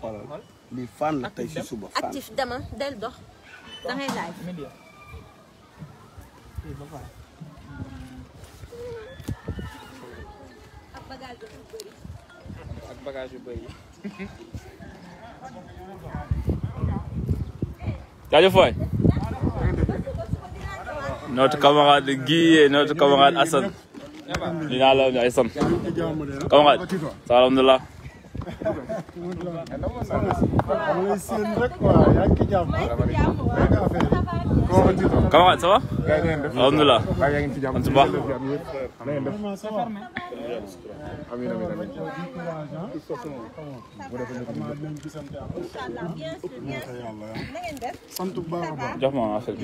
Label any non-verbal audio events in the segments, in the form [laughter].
xoolal lii fan la tey si suba fan actif dama del dox da ngay laaj. ak bagage yu bëri. ak bagage yu bëri. jaajëf waay. notre camarade Guy et notre camarade Assane. ñu naan la Assane. camarade. salaamaaleykum. Comment ça va Alhamdulillah. On se bat. jox ma ma affaire bi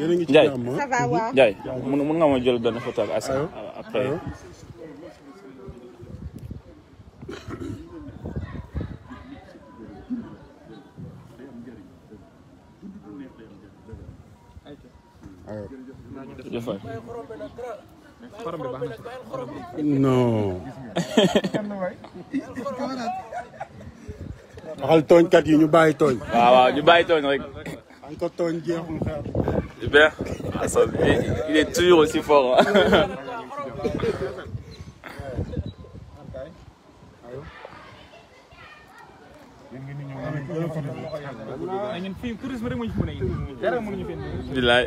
mun nga ma jël benn photo ak Asa jërëjëf waay. non. waxal tooñkat yi ñu bàyyi tooñ. waaw waaw ñu bàyyi tooñ rek. encore tooñ jeexul xeer. Hubert il est toujours aussi fort. bilaay.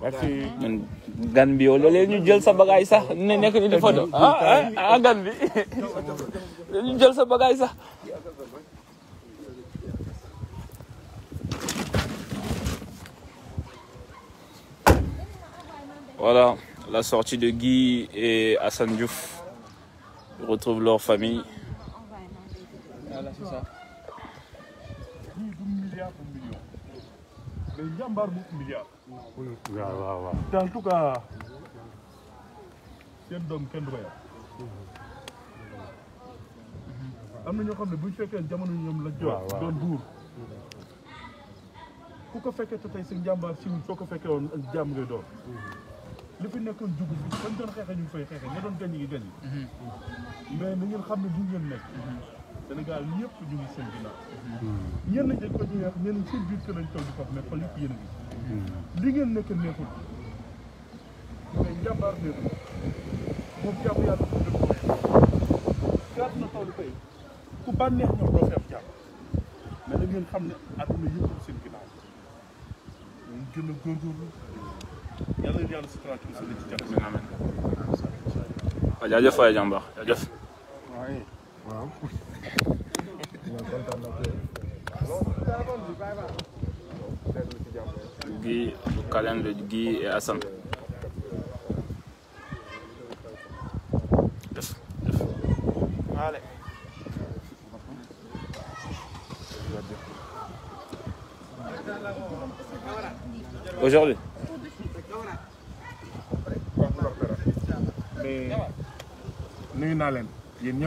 merci gan bi yow léeg ñu jël sa bagaay sax ne nekk ni di photo ah, ah, ah, ah gan bi [laughs] ñu jël sa bagaay sax Voilà la sortie de Guy et Hassan Diouf. Ils retrouvent leur famille. Voilà, c'est ça. mais njàmbaar bu milliard. waaw waaw seen doom kenn du ko am na ñoo xam ne bu ñu fekkee jamono ñoom la. waaw waaw doon buur. ku ko fekkee te tey si njàmbaar si soo ko fekkee woon ak jàmm ngay doon. li fi nekkoon jugu fi bañ doon xeexe ñu ngi fay xeexe ña doon gañ yi gañ mais ni xam ne bu ngeen nekk. Mhm. Sénégal ñëpp ñu ngi seen ginnaaw. ñenn ñi ko ñu wax ñenn seen biir kër lañ toog di foofu mais xool yëpp yéen a hmm. li ngeen nekk neexul mais njàmbaar neexul moom jàmm yàlla ko def gàtt na toolu tey ku bànneex ñoom doo fi am jàmm mais da ngeen xam ne àdduna yëpp seen ginnaaw ñu gën a góorgóorlu yàlla yàlla suturaat ci seen ci jàmm. amiin waaw jaajëf waay jàmbaar jaajëf. waaw. Guy, le calendrier de Guy et Hassan. Allez. Aujourd'hui. Mais nous n'allons, il n'y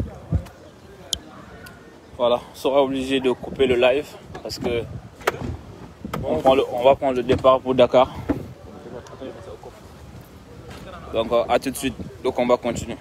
Voilà, on sera obligé de couper le live parce que on, on va prendre le départ pour Dakar. Donc euh, à tout de suite, le combat continue.